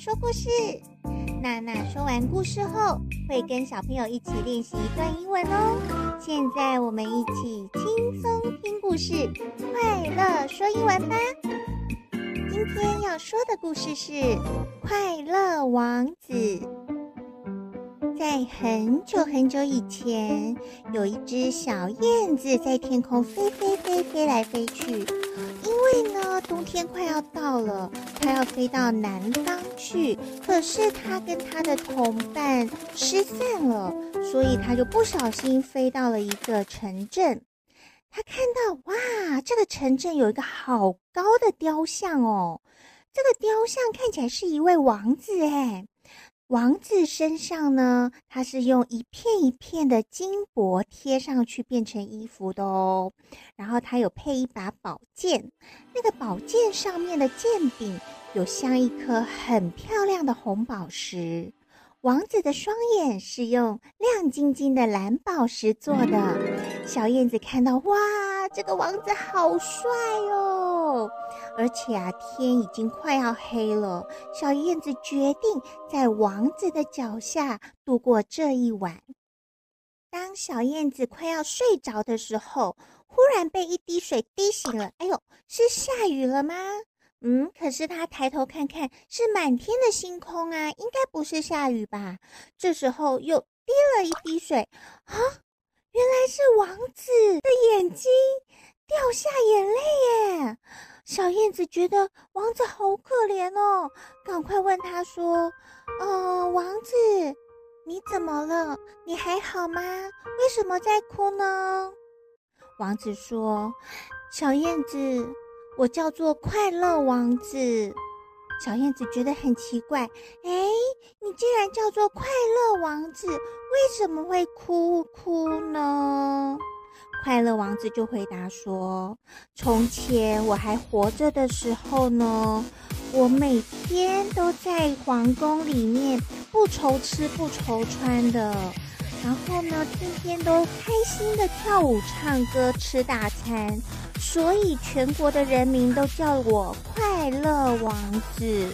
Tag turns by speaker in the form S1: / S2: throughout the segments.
S1: 說故事，娜娜說完故事後，會跟小朋友一起練習一段英文哦。現在我們一起輕鬆聽故事，快樂說英文吧。今天要說的故事是《快樂王子》。在很久很久以前，有一隻小燕子在天空飛飛飛飛，飛來飛去。因為呢，冬天快要到了，它要飛到南方去。可是它跟它的同伴失散了，所以它就不小心飛到了一個城鎮。它看到，哇，這個城鎮有一個好高的雕像哦，這個雕像看起來是一位王子哎。王子身上呢，他是用一片一片的金箔貼上去變成衣服的哦。然後他有配一把寶劍，那個寶劍上面的劍柄有鑲一顆很漂亮的紅寶石。王子的雙眼是用亮晶晶的藍寶石做的。小燕子看到，哇，這個王子好帥哦！而且啊，天已經快要黑了。小燕子決定在王子的腳下度過這一晚。當小燕子快要睡着的時候，忽然被一滴水滴醒了。哎呦，是下雨了嗎？嗯，可是他抬頭看看，是滿天的星空啊，應該不是下雨吧？這時候又滴了一滴水，啊，原來是王子的眼睛掉下眼淚耶！小燕子覺得王子好可憐哦，趕快問他說：“哦、呃，王子，你怎麼了？你還好嗎？為什麼在哭呢？”王子說：“小燕子。”我叫做快樂王子。小燕子覺得很奇怪，哎，你既然叫做快樂王子，為什麼會哭哭呢？快樂王子就回答說：“從前我還活着的時候呢，我每天都在皇宮裡面，不愁吃，不愁穿的。”然後呢，天天都開心地跳舞、唱歌、吃大餐，所以全國的人民都叫我快樂王子。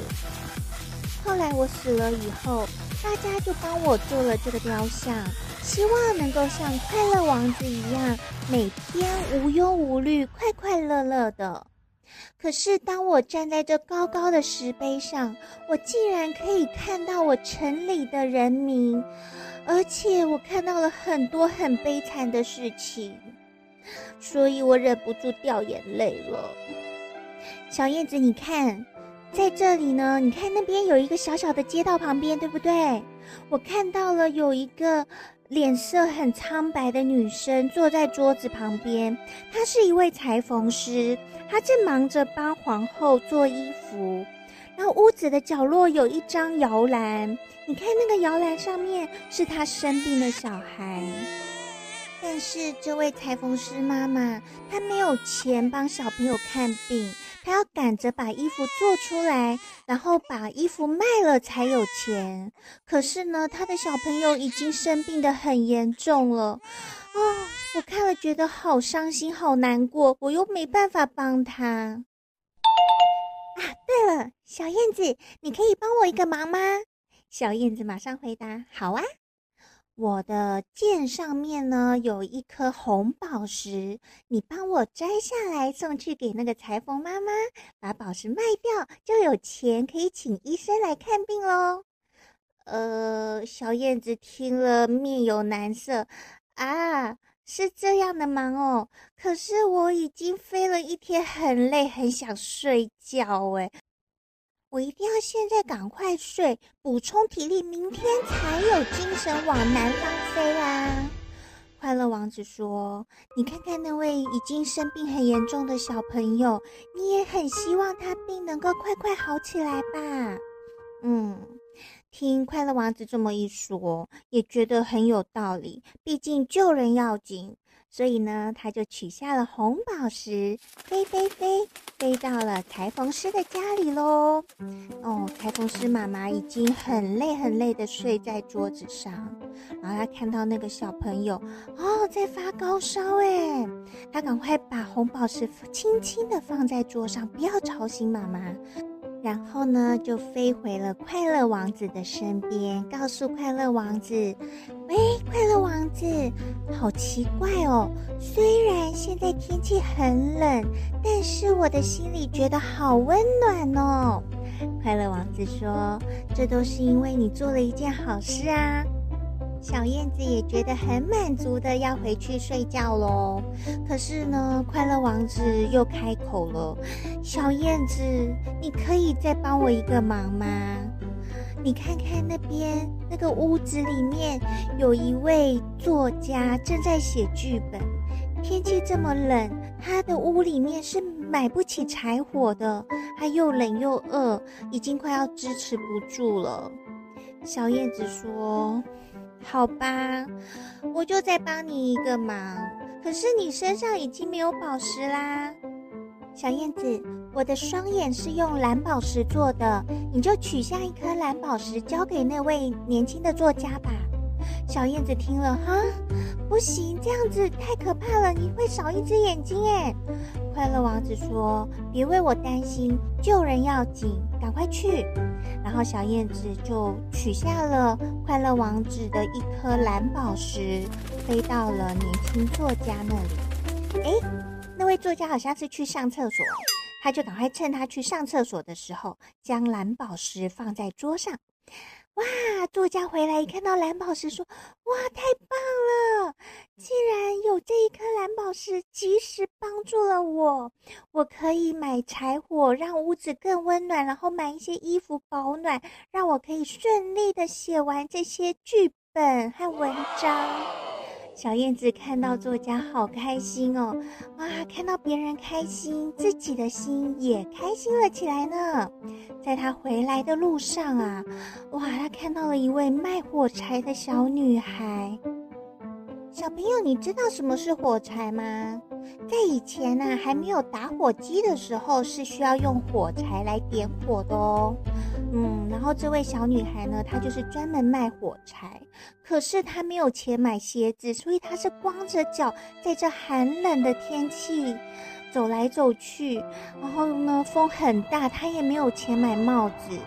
S1: 後來我死了以後，大家就幫我做了這個雕像，希望能夠像快樂王子一樣，每天無憂無慮、快快樂樂的。可是當我站在這高高的石碑上，我竟然可以看到我城裡的人民。而且我看到了很多很悲慘的事情，所以我忍不住掉眼淚了。小燕子，你看，在這裡呢，你看那邊有一個小小的街道旁邊，對不對？我看到了有一個臉色很蒼白的女生坐在桌子旁邊，她是一位裁縫師，她正忙着幫皇後做衣服。那屋子的角落有一張搖籃，你看那個搖籃上面是他生病的小孩。但是這位裁縫師媽媽，她沒有錢幫小朋友看病，她要趕着把衣服做出來，然後把衣服賣了才有錢。可是呢，他的小朋友已經生病得很嚴重了。啊、哦。我看了覺得好傷心、好難過，我又沒辦法幫他。啊，對了，小燕子，你可以幫我一個忙嗎？小燕子馬上回答：“好啊。”“我的劍上面呢，有一顆紅寶石，你幫我摘下來送去給那個裁縫媽媽，把寶石賣掉，就有錢可以請醫生來看病嘍。”呃，小燕子聽了面有難色啊。是這樣的，忙哦。可是我已經飛了一天，很累，很想睡覺。誒，我一定要現在趕快睡，補充體力，明天才有精神往南方飛啦啊。快樂王子說：“你看看那位已經生病很嚴重的小朋友，你也很希望他病能夠快快好起來吧？”嗯。聽快樂王子這麼一說，也覺得很有道理。畢竟救人要緊，所以呢，他就取下了紅寶石，飛飛飛，飛到了裁縫師的家裡嘍。哦，裁縫師媽媽已經很累很累地睡在桌子上，然後他看到那個小朋友哦，在發高燒，哎，他趕快把紅寶石輕輕地放在桌上，不要吵醒媽媽。然後呢，就飛回了快樂王子的身邊，告訴快樂王子：“喂，快樂王子，好奇怪哦！雖然現在天氣很冷，但是我的心裡覺得好溫暖哦。”快樂王子說：“這都是因為你做了一件好事啊。”小燕子也覺得很滿足地要回去睡覺嘍。可是呢，快樂王子又開口了。小燕子，你可以再幫我一個忙嗎？你看看那邊那個屋子裡面，有一位作家正在寫劇本。天氣這麼冷，他的屋裡面是買不起柴火的，他又冷又餓，已經快要支持不住了。小燕子說：“好吧，我就再幫你一個忙。可是你身上已經沒有寶石啦。”小燕子，我的雙眼是用藍寶石做的，你就取下一顆藍寶石交給那位年輕的作家吧。小燕子聽了，哈，不行，這樣子太可怕了，你會少一隻眼睛。誒，快樂王子說：“別為我擔心，救人要緊，趕快去。”然後小燕子就取下了快樂王子的一顆藍寶石，飛到了年輕作家那裡。誒、欸。那位作家好像是去上廁所，他就趕快趁他去上廁所的時候，將藍寶石放在桌上。哇，作家回來一看到藍寶石，說：“哇，太棒了！既然有這一顆藍寶石，及時幫助了我。我可以買柴火，讓屋子更溫暖；然後買一些衣服保暖，讓我可以順利地寫完這些劇本和文章。”小燕子看到作家，好開心哦！哇，看到別人開心，自己的心也開心了起來呢。在她回來的路上啊，哇，她看到了一位賣火柴的小女孩。小朋友，你知道什麼是火柴嗎？在以前吶、啊，還沒有打火機的時候，是需要用火柴來點火的哦。嗯，然後這位小女孩呢，她就是專門賣火柴，可是她沒有錢買鞋子，所以她是光着腳在這寒冷的天氣走來走去，然後呢，風很大，她也沒有錢買帽子。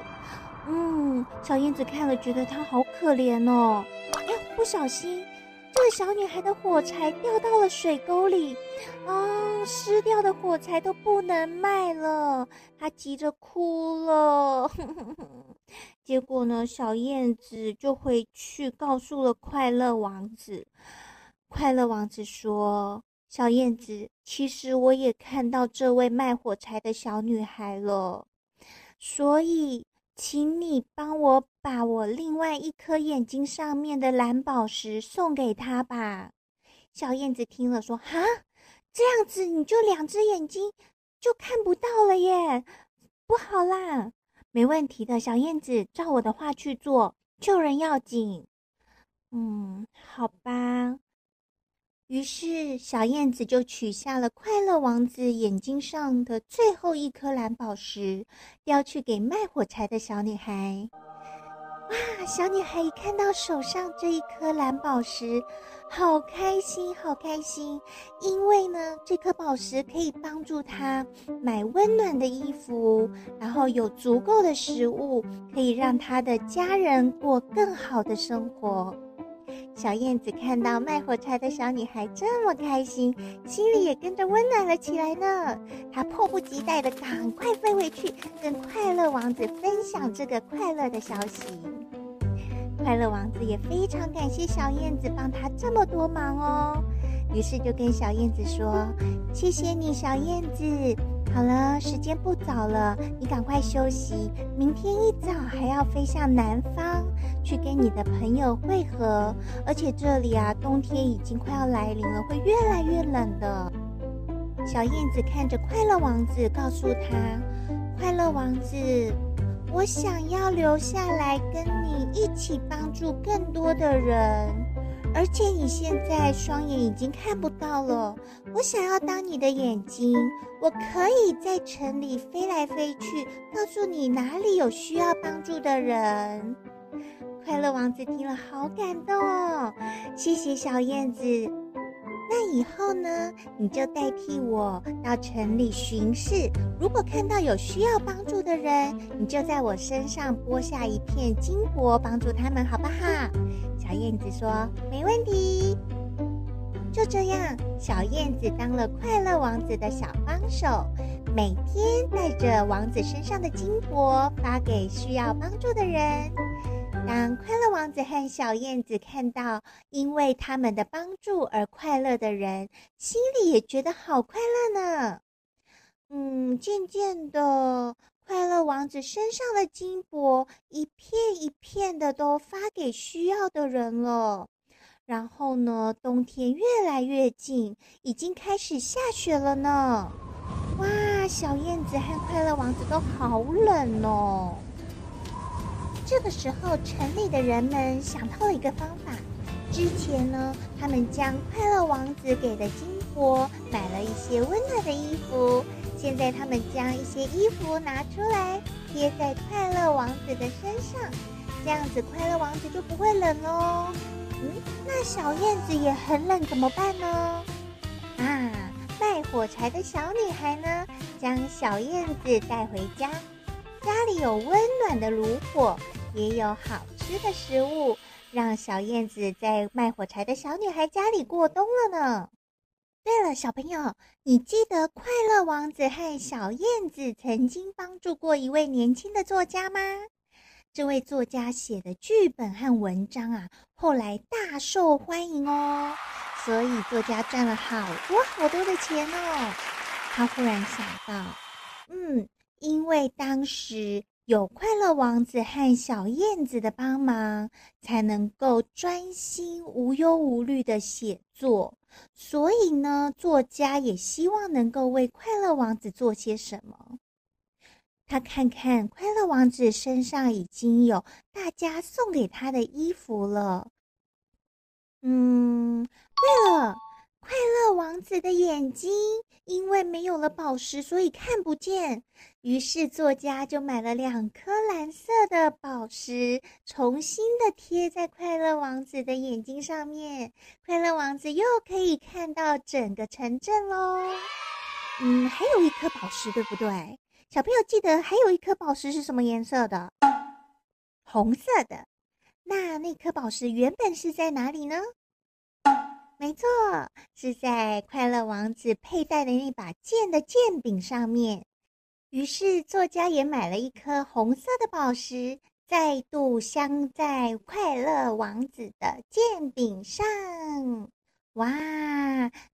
S1: 嗯，小燕子看了覺得她好可憐哦，哎，不小心。這個小女孩的火柴掉到了水溝裡，啊、哦，濕掉的火柴都不能賣了，她急着哭了呵呵呵。結果呢，小燕子就回去告訴了快樂王子。快樂王子說：“小燕子，其實我也看到這位賣火柴的小女孩了，所以。”請你幫我把我另外一顆眼睛上面的藍寶石送給他吧。小燕子聽了說：“哈，這樣子你就兩隻眼睛就看不到了耶，不好啦。”“沒問題的，小燕子，照我的話去做，救人要緊。”“嗯，好吧。”於是，小燕子就取下了快樂王子眼睛上的最後一顆藍寶石，要去給賣火柴的小女孩。哇！小女孩一看到手上這一顆藍寶石，好開心，好開心！因為呢，這顆寶石可以幫助她買溫暖的衣服，然後有足夠的食物，可以讓她的家人過更好的生活。小燕子看到賣火柴的小女孩這麼開心，心裡也跟着溫暖了起來呢。她迫不及待地趕快飛回去，跟快樂王子分享這個快樂的消息。快樂王子也非常感謝小燕子幫她這麼多忙哦，於是就跟小燕子說：“謝謝你，小燕子。好了，時間不早了，你趕快休息，明天一早還要飛向南方。”去跟你的朋友會合，而且這裡啊，冬天已經快要來臨了，會越來越冷的。小燕子看着快樂王子，告訴他：“快樂王子，我想要留下來跟你一起幫助更多的人，而且你現在雙眼已經看不到了，我想要當你的眼睛，我可以在城裡飛來飛去，告訴你哪裡有需要幫助的人。”快樂王子聽了，好感動哦！謝謝小燕子。那以後呢？你就代替我到城裡巡視。如果看到有需要幫助的人，你就在我身上剝下一片金箔，幫助他們，好不好？小燕子說：“沒問題。”就這樣，小燕子當了快樂王子的小幫手，每天帶着王子身上的金箔發給需要幫助的人。當快樂王子和小燕子看到因為他們的幫助而快樂的人，心裡也覺得好快樂呢。嗯，漸漸的，快樂王子身上的金箔一片一片的都發給需要的人了。然後呢，冬天越來越近，已經開始下雪了呢。哇，小燕子和快樂王子都好冷哦。這個時候，城裡的人們想到了一個方法。之前呢，他們將快樂王子給的金箔買了一些溫暖的衣服。現在他們將一些衣服拿出來貼在快樂王子的身上，這樣子快樂王子就不會冷嘍。嗯，那小燕子也很冷，怎麼辦呢？啊，賣火柴的小女孩呢，將小燕子帶回家，家裡有溫暖的爐火。也有好吃的食物，讓小燕子在賣火柴的小女孩家裡過冬了呢。對了，小朋友，你記得快樂王子和小燕子曾經幫助過一位年輕的作家嗎？這位作家寫的劇本和文章啊，後來大受歡迎哦，所以作家賺了好多好多的錢哦。他忽然想到，嗯，因為當時，有快樂王子和小燕子的幫忙，才能夠專心無憂無慮地寫作。所以呢，作家也希望能夠為快樂王子做些什麼。他看看快樂王子身上已經有大家送給他的衣服了。嗯，對了，快樂王子的眼睛。因為沒有了寶石，所以看不見。於是作家就買了兩顆藍色的寶石，重新的貼在快樂王子的眼睛上面。快樂王子又可以看到整個城鎮嘍。嗯，還有一顆寶石，對不對？小朋友記得還有一顆寶石是什麼顏色的？紅色的。那那顆寶石原本是在哪裡呢？沒錯，是在快樂王子佩戴的那把劍的劍柄上面。於是作家也買了一顆紅色的寶石，再度鑲在快樂王子的劍柄上。哇，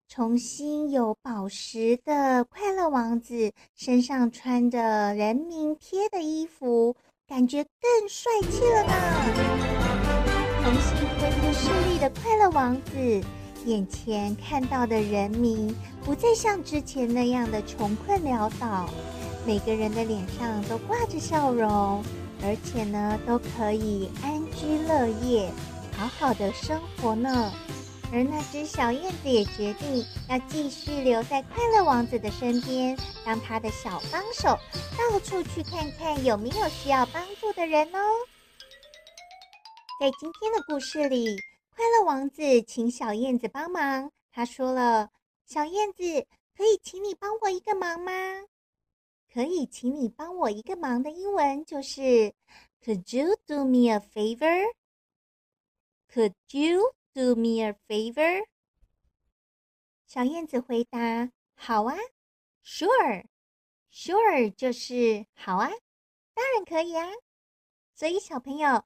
S1: 重新有寶石的快樂王子，身上穿着人民貼的衣服，感覺更帥氣了呢。重新恢復視力的快樂王子。眼前看到的人民不再像之前那樣的窮困潦倒，每個人的臉上都掛着笑容，而且呢，都可以安居樂業，好好的生活呢。而那隻小燕子也決定要繼續留在快樂王子的身邊，當他的小幫手，到處去看看有沒有需要幫助的人哦。在今天的故事裡。快樂王子請小燕子幫忙，他說了：“小燕子，可以請你幫我一個忙嗎？”可以請你幫我一個忙的英文就是 “Could you do me a favor？”“Could you do me a favor？” 小燕子回答：“好啊，Sure，Sure sure 就是好啊，當然可以啊。”所以小朋友。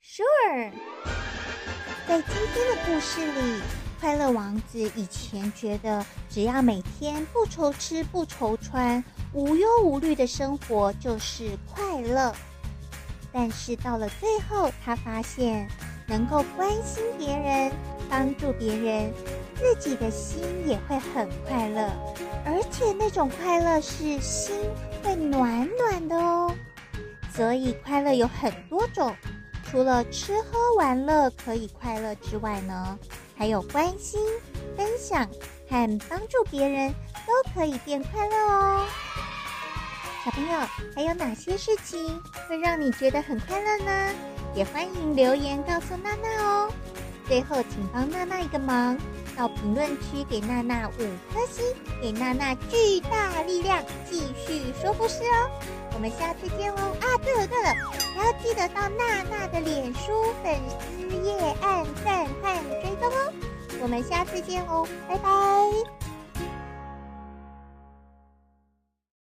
S1: Sure，在今天的故事裡，快樂王子以前覺得只要每天不愁吃不愁穿，無憂無慮的生活就是快樂。但是到了最後，他發現能夠關心別人、幫助別人，自己的心也會很快樂，而且那種快樂是心會暖暖的哦。所以，快樂有很多種。除了吃喝玩樂可以快樂之外呢，還有關心、分享和幫助別人都可以變快樂哦。小朋友，還有哪些事情會讓你覺得很快樂呢？也歡迎留言告訴娜娜哦。最後，請幫娜娜一個忙，到評論區給娜娜五顆星，給娜娜巨大力量，繼續說故事哦。我們下次見哦！啊，對了對了，還要記得到娜娜的臉書粉絲頁按讚看追蹤哦。我們下次見哦，拜拜。